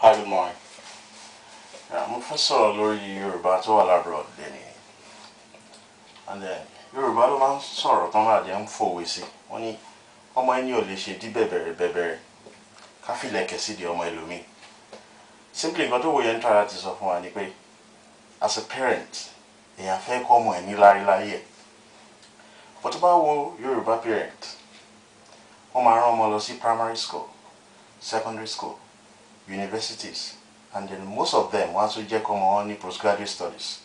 Hi, good morning. I'm fẹ́ sọ̀rọ̀ lórí Yorùbá tó wà lábroad lẹ́nu. And then Yorùbá ló máa ń sọ̀rọ̀ tán bá dé ń fòwe sí. Wọ́n ní ọmọ ẹni ò lè ṣe dí bẹ̀bẹ̀rẹ̀ bẹ̀bẹ̀rẹ̀ ká fìlẹ̀kẹ̀ sí di ọmọ ẹlòmíì. Simply nǹkan tó wo yẹn ń tara ti sọ as a parent èèyàn fẹ́ kọ́ ọmọ ẹ̀ ní láríláyé ẹ̀. Bó tó bá wo parent wọ́n máa rán ọmọ primary school secondary school universities and then most of them wọ́n á tún jẹ́ kọ́ wọn ní postgraduate studies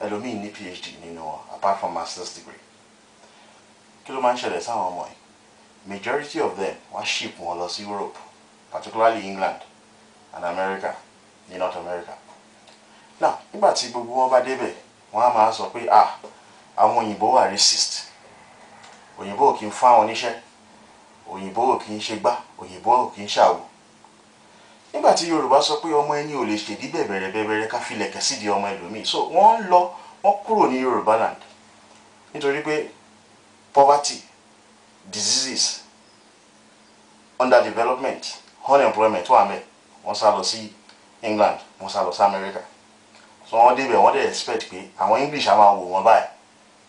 ẹlòmíì ní phd nínú wọn apart from masters degree kí ló máa ń ṣẹlẹ̀ sáwọn ọmọ yìí majority of them wọ́n ship wọn lọ sí Europe particularly England and America ní North America now nígbà tí gbogbo wọn bá débẹ̀ wọ́n á máa sọ pé ah àwọn òyìnbó wà resist. òyìnbó ò kì í fún àwọn oníṣẹ́ òyìnbó ò kì í ṣe gbá òyìnbó ò kì í ṣàwò nígbà tí yorùbá sọ pé ọmọ ẹni ò lè ṣèdí bẹ̀bẹ̀rẹ̀ bẹ̀bẹ̀rẹ̀ ká filẹ̀kẹ̀ sídìí ọmọ ẹlòmíì so wọ́n ń lọ wọ́n kúrò ní yorùbá land nítorí pé poverty diseases underdevelopment unemployment wà mẹ́ wọ́n sá lọ sí england wọ́n sá lọ sí america so wọ́n débẹ̀ wọ́n dẹ̀ expect pé àwọn english á máa wò wọ́n báyìí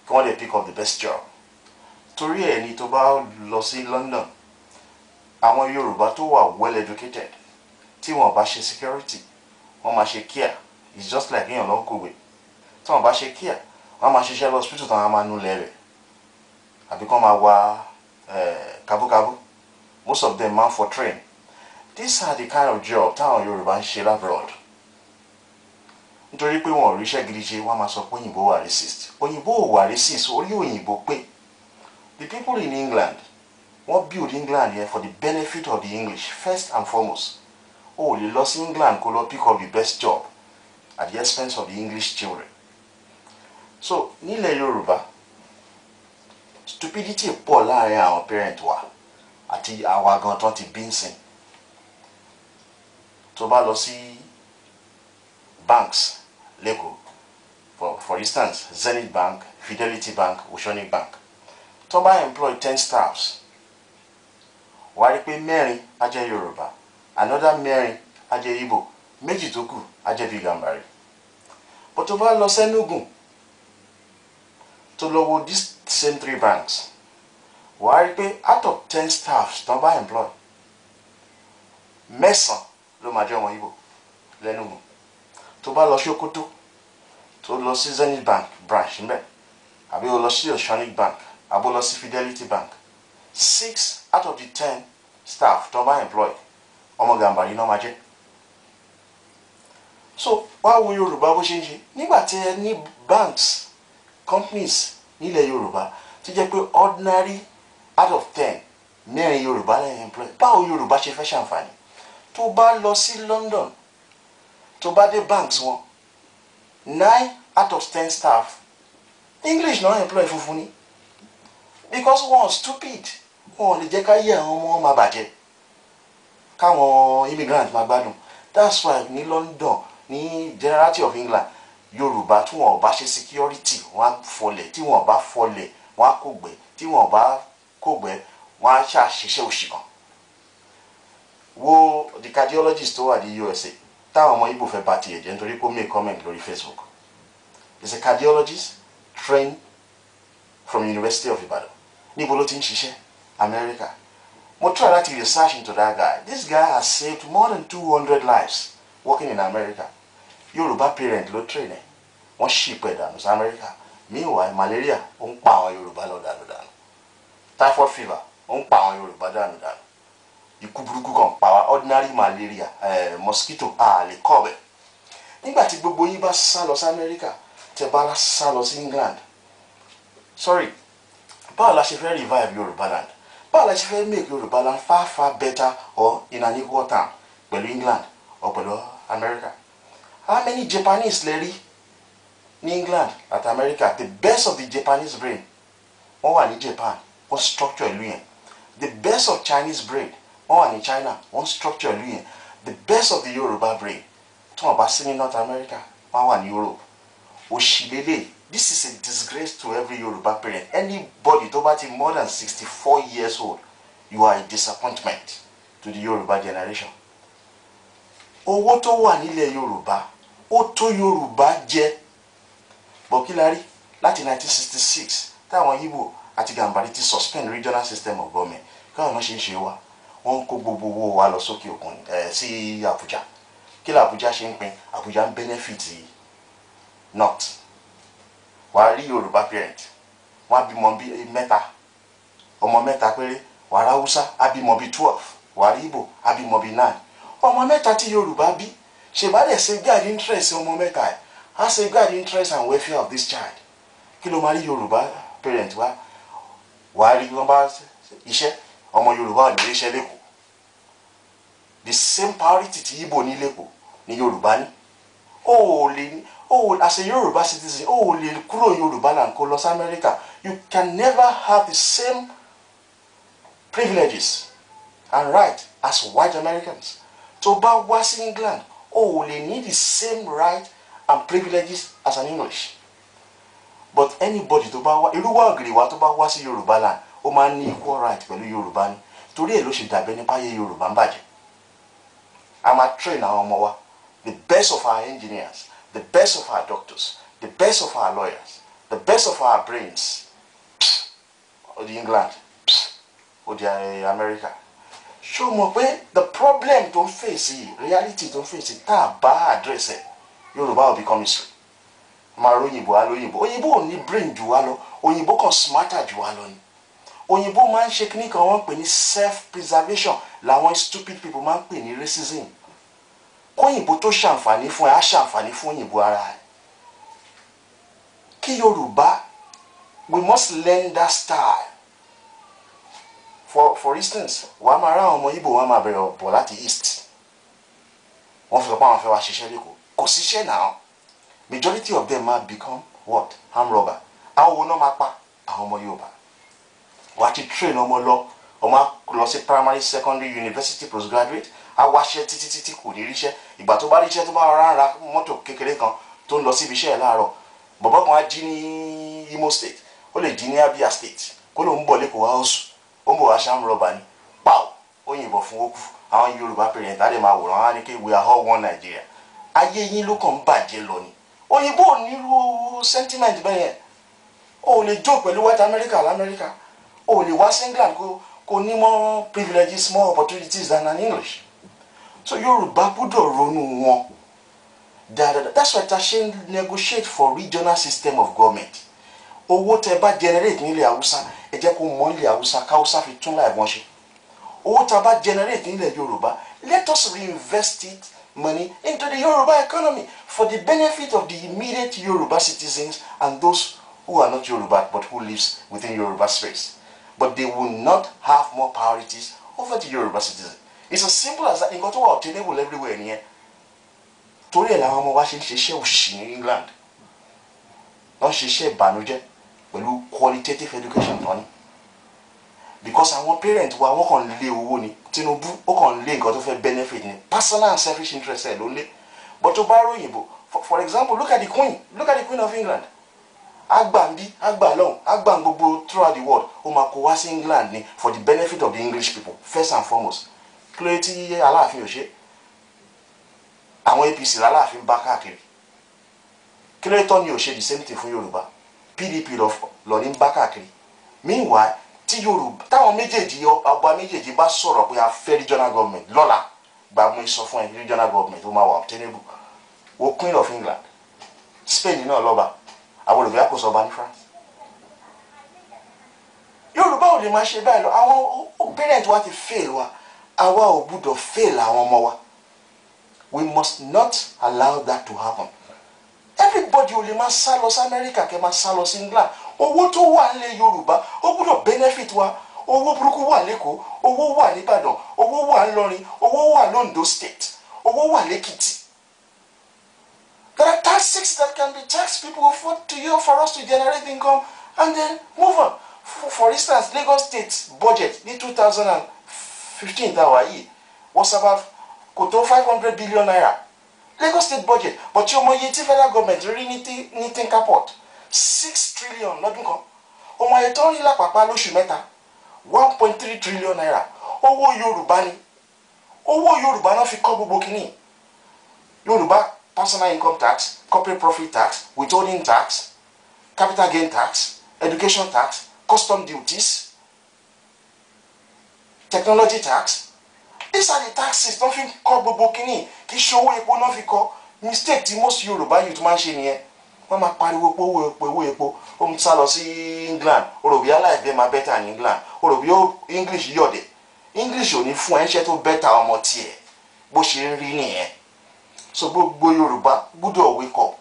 kí wọ́n dẹ̀ pick up the best job torí ẹ̀ ni tó bá lọ sí london àwọn yorùbá tó wà well educated tí wọn bá ṣe security wọn máa ṣe care it's just like èèyàn lọ ń kọ̀wé tí wọn bá ṣe care wọn máa ṣiṣẹ́ lọ hospital tán wọn máa nulẹ̀ rẹ̀ àbí kán máa wa eh, kábúkábú most of them man for train these are the kind of job táwọn Yorùbá ń ṣe labroad nítorí pé wọn ò ríṣẹ́ gidi ṣe wọ́n máa sọ pé òyìnbó wà racist òyìnbó ò wà racist orí òyìnbó pé the people in England wọ́n build England yẹn for the benefit of the English first and foremost Oh, ò lè lọ sí England kó pick up the best job at the expense of the English children so nílẹ̀ Yorùbá stupidity pọ̀ láàrin àwọn parents wa àti àwa gan tán ti bí ń sìn tó bá lọ sí banks lẹ́kọ̀ọ́ for for instance Zenith Bank Fidelity Bank Oceanic Bank tó bá employ ten staffs wàá rí pé mẹ́rin á jẹ́ Yorùbá another mẹ́rin á jẹ́ Ìgbò méjì tó kù á jẹ́ bíi Gàmbàrí bó tó bá lọ sẹ́nugùn tó lọ wo these same three banks wàá rí pé out of ten staffs tán bá employ mẹ́sàn-án ló máa jẹ́ ọmọ Ìgbò lẹ́nugun tó bá lọ Sókótó tó lọ sí Zenith Bank branch ńbẹ̀ àbí o lọ sí Oceanic Bank àbí o lọ sí Fidelity Bank six out of the ten staff tó bá employ ọmọ gàǹbàrí náà máa jẹ́ so wá wo yorùbá bó ṣe ń ṣe nígbà tí ẹ ní banks companies nílẹ̀ yorùbá tó jẹ́ pé ordinary out of ten mẹ́rin yorùbá lẹ́yìn employ báwo yorùbá ṣe fẹ́ ṣàǹfààní tó bá lọ sí london tó bá dé banks wọn nine out of ten staff english náà employ funfun ni because one stupid wọn ò lè jẹ́ ká yé àwọn ọmọ wọn máa bàjẹ́ káwọn immigrant máa gbádùn that's why ní London ní generality of England Yorùbá tí wọn ò bá ṣe security wọn á fọlẹ̀ tí wọn ò bá fọlẹ̀ wọn á kògbẹ́ tí wọn ò bá kògbẹ́ wọn á ṣàṣiṣẹ́ òṣì wo the cardiologist tó wà ní USA táwọn ọmọ Igbo fẹ́ bá tiẹ̀ jẹ́ nítorí kó make comment lórí Facebook is a cardiologist trained from University of Ibadan níbo ló ti ń ṣiṣẹ́ America mo try láti research into that guy this guy has saved more than two hundred lives working in America Yorùbá parent ló train ẹ wọ́n ship ẹ̀ dànù sí America meanwhile malaria On ń pa àwọn Yorùbá lọ dànù dànù typhoid fever On ń pa àwọn Yorùbá dànù dànù ikú burúkú kan pa ordinary malaria eh, mosquito a lè kọ́ bẹ̀ nígbà tí gbogbo yín bá sá lọ sí America tẹ́ bá sá lọ sí England sorry báwo la ṣe fẹ́ revive Yorùbá land báwo la ṣe fẹ́ make yorùbá land far far better or in an equal time pẹ̀lú england or pẹ̀lú america how many japanese lè rí ní england àti america the best of the japanese brain wọ́n wà ní japan wọ́n structure ìlú yẹn the best of chinese brain wọ́n wà ní china wọ́n structure ìlú yẹn the best of the yorùbá brain tí wọ́n bá sí ní north america wọ́n wà ní europe òṣìlélẹ́yìí this is a disgrace to every Yoruba parent anybody tó bá ti more than sixty four years old you are a disappointment to the Yoruba generation owó tó wà nílẹ̀ Yorùbá ó tó Yorùbá jẹ bọ̀kílárí láti nineteen sixty six táwọn Igbo àti Gàmbàrí ti suspend regional system of government káwọn náà ṣe ń ṣe wá wọn ń kó gbogbo owó wa lọ sókè òkun ẹ eh, sí Àbújá kí làbújá ṣe ń pín Àbújá ń benefit north wàá rí yorùbá parent wọ́n á bímọ mẹta ọmọ mẹta péré wàá rí twelve wàá rí ìbò ọmọ mẹ́ta tí yorùbá bí ṣèbádẹ́ safeguard interest ọmọ mẹ́ta ẹ̀ á safeguard interest and welfare of this child wa wọn bá o ò lè o as a Yorùbá citizen o ò lè kúrò Yorùbá náà kó lọ sí Amẹ́ríkà you can never have the same privileges and right as white Americans tó bá wá sí England o ò lè ní the same right and privileges as an English but anybody tó bá wá irú wa ògiri wa tó bá wá sí Yorùbá náà ó máa ń ní equal right pẹ̀lú Yorùbá ni torí ẹ̀ ló ṣe dàbẹ́ nípa ayé Yorùbá ń bàjẹ́ a máa train àwọn ọmọ wa the best of our engineers, the best of our doctors, the best of our lawyers, the best of our brains, or the England, or the eh, America. Show me where the problem don't face it, reality don't face it. That bad address, àdírẹ́sì Yorùbá ò become history máa ròyìnbó á lóyìnbó òyìnbó ò brain juwalo, wá lọ kan smarter juwalo, wá lọ ni òyìnbó máa ń ṣe kan wọ́n pè ní self preservation làwọn stupid people man pe ni racism kóyìnbó tó ṣàǹfààní fún ẹ á ṣàǹfààní fún òyìnbó ara ẹ kí Yorùbá we must learn that style for for instance wàá máa ráwọn ọmọ Ìgbò wàá máa bẹ̀rẹ̀ bọ̀ láti east wọ́n fi sọ pé àwọn fẹ́ wá ṣiṣẹ́ lẹ́kọ̀ọ́ kò síṣẹ́ náà majority of them ma become what armed robber àwọn owó náà máa pa àwọn ọmọ Yorùbá wàá ti train ọmọ lọ ọmọ lọ sí primary secondary university postgraduate á wáṣẹ́ títí títí kò ní ríṣẹ́ ìgbà tó bá ríṣẹ́ tó bá rárá ra mọ́tò kékeré kan tó ń lọ síbi iṣẹ ẹ̀ bọbọ kan á jí ní Imo State ó lè jí ní Abia State kó ló ń bọ̀ lẹ́kọ̀ọ́ wá oṣù ó ń bọ̀ wá ṣáàmù ni pàó ó yìnbọn fún ó kú àwọn Yorùbá parent á lè máa wòran á ní kí we are all one Nigeria ayé yín ló kàn ń bàjẹ́ lọ ni òyìnbó ò nílò sentiment bẹ́ẹ̀ yẹn o ò lè jó pẹ̀lú White America lamẹ́ríkà o ò lè wá sí England kó kó ní more privileges more opportunities than an English so Yoruba gbọ́dọ̀ ronú wọn dáadáa that's why ta ṣe ń negotiate for regional system of government owó tẹ bá generate nílẹ̀ haúsá ẹ jẹ́ kó mọ nílẹ̀ haúsá káwúsá fi tún láì wọ́n ṣe owó tá bá generate nílẹ̀ yorùbá let us reinvest it money into the Yoruba economy for the benefit of the immediate Yoruba citizens and those who are not Yoruba but who lives within Yoruba space but they will not have more priorities over the Yoruba citizens it's as simple as that nǹkan tó wà obtainable everywhere nìyẹn torí ẹ̀ làwọn ọmọ wa ṣe ń ṣiṣẹ́ òṣì ní England wọ́n ṣe iṣẹ́ ìbànújẹ́ pẹ̀lú qualitative education tán because àwọn parent wa wọ́n kàn lé owó ni Tinubu ó kàn lé nǹkan tó fẹ́ benefit ni personal and selfish interest ẹ̀ ló lé but tó bá ròyìnbó for example look at the queen look at the queen of England àgbà ń bí throughout the world ó máa kó wá sí England ni for the benefit of the English people first and foremost kí ló yẹ tí aláàfin ò ṣe àwọn APC láláàfin bá káàkiri kí ló yẹ tọ́ ò ṣe the same thing fún Yorùbá PDP lọ ní bá káàkiri meanwhile tí Yorùbá táwọn méjèèjì ọba méjèèjì bá sọ̀rọ̀ pé a fẹ́ regional government lọ́la gbàgbọ́n sọ fún ẹ regional government ó máa wà obtainable wo Queen of England Spain náà lọ́ba àwọn olùgbé kò sọba ní France Yorùbá ò lè máa ṣe báyìí lọ àwọn parent wa ti fail wa àwa ò fail àwọn ọmọ wa we must not allow that to happen everybody ò lè máa sá lọ sí Amẹ́ríkà kẹ́ máa sá lọ sí England Owo to wà nílẹ̀ Yorùbá ó gbúdọ̀ benefit wa owó burúkú wa lẹ́kọ̀ọ́ owó wà nìbàdàn owó wà ńlọrin owó wà londo state Owo wa lekiti. there are tactics that can be tax people afford to you for us to generate income and then move on for, instance Lagos state budget ní two thousand and fifteen tá a yìí was about kò tó five hundred billion naira Lagos state budget but tí o mọ federal government rí ní ní tinker port six trillion lọ́dún kan o mọ iye tó ń rí lápapá lóṣù mẹ́ta one point three trillion naira owó Yorùbá ni owó Yorùbá náà fi kọ́ gbogbo kínní Yorùbá personal income tax corporate profit tax withholding tax capital gain tax education tax custom duties technology tax these are the taxes tó fi ń kọ́ gbogbo kínní kì í ṣe owó epo náà fi kọ́ mistake tí most Yorùbá youth máa ń ṣe nìyẹn wọ́n máa pariwo pé owó epo owó epo ó ń sá lọ sí England òròbí aláìbẹ́ máa bẹ́tà ní England òròbí English yọ̀dẹ̀ English ò ní fún ẹ̀ńṣẹ́ tó bẹ́tà ọmọ tiẹ̀ bó ṣe ń rí nìyẹn so gbogbo Yorùbá gbúdọ̀ wake up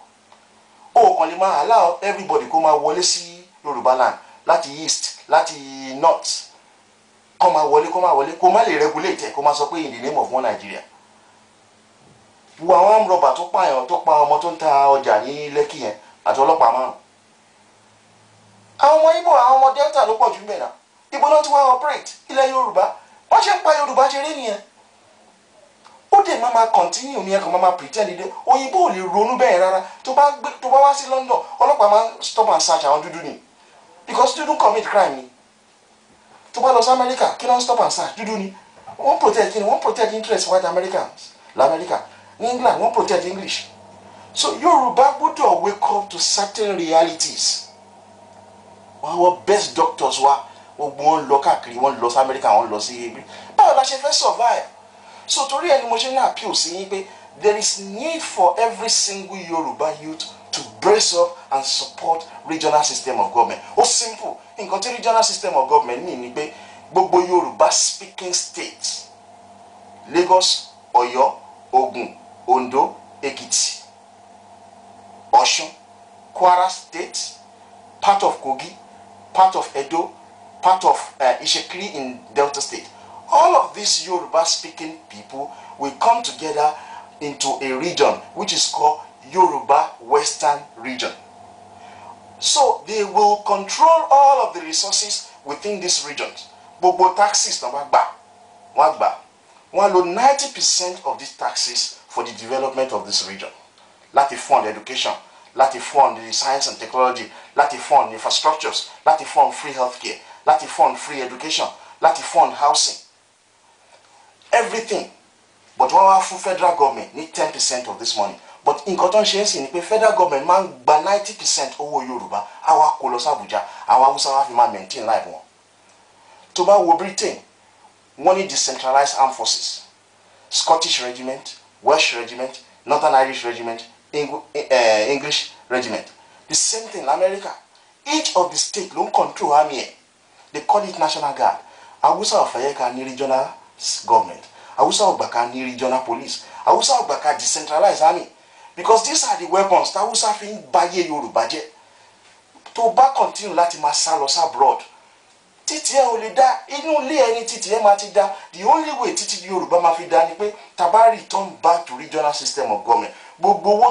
ó kàn lè máa allow everybody kó máa wọlé sí Yorùbá land láti east láti north kọ́ máa wọlé kọ́ máa wọlé kó má lè regulate kó máa sọ pé in the name of one Nigeria wo àwọn amúrọ̀bà tó pààyàn tó pa ọmọ tó ń ta ọjà ní Lẹ́kì yẹn àti ọlọ́pàá márùn àwọn ọmọ Ìgbò àwọn ọmọ Delta ló pọ̀ jù mẹ́ta Ìgbò náà ti wá operate ilẹ̀ Yorùbá wọ́n ṣe ń pa Yorùbá ṣeré nìyẹn ó dẹ̀ máa máa continue ní ẹ̀kan máa máa pretend dé òyìnbó ò lè ronú bẹ́ẹ̀ rárá tó bá wá sí London ọlọ́pàá máa stop and search àwọn dúdú ni because dúdú commit crime ni tó bá lọ sí amẹ́ríkà kí ló ń stop and search dúdú ni wọ́n protect kí ni wọ́n protect interest white americans lamẹ́ríkà ní england wọ́n protect english so yorùbá gbọ́dọ̀ wake up to certain realities àwọn best doctors wa gbogbo wọn lọ káàkiri wọn lọ sí amẹ́ríkà wọn lọ sí ebi báwo la ṣe fẹ́ survive so torí ẹni mo ṣe ní appeal sí yín pé there is need for every single yorùbá youth to brace up and support regional system of government ó simple nǹkan tí regional system of government ní ni pé gbogbo Yorùbá speaking state Lagos Ọ̀yọ́ Ogun, Ondo Ekiti, Ọ̀ṣun Kwara state part of Kogi part of Edo part of uh, eh, Ishekiri in Delta state all of these Yoruba speaking people will come together into a region which is called Yoruba Western Region so they will control all of the resources within these regions gbogbo taxes náà wá gbà wá gbà wọ́n lò ninety percent of these taxes for the development of this region láti fund education láti fund the science and technology láti fund infrastructures láti fund free healthcare láti fund free education láti fund housing everything but wọ́n wá fún federal government ní ten percent of this money but nǹkan tó ń ṣe é sì ni pé federal government máa ń gba ninety percent owó yorùbá àwa kó lọ sí àwa haúsá wa fi máa maintain life wọn tó bá wo britain wọ́n ní decentralized armed forces scottish regiment welsh regiment northern irish regiment eh, english regiment the same thing lamẹ́ríkà each of the state ló ń control army ẹ̀ they call it national guard hausa ò fẹ́ ká ní regional government hausa ò gbà ká regional police hausa ò gbà decentralized army because these are the weapons tawusa fi ń bayé yorùbá jẹ́ tó bá continue láti máa sá lọ sábroad títí ẹ ò lè dá inú ilé ẹni títí ẹ máa ti dá the only way títí yorùbá máa fi dá ni pé Tabari turn back to regional system of government gbogbo owó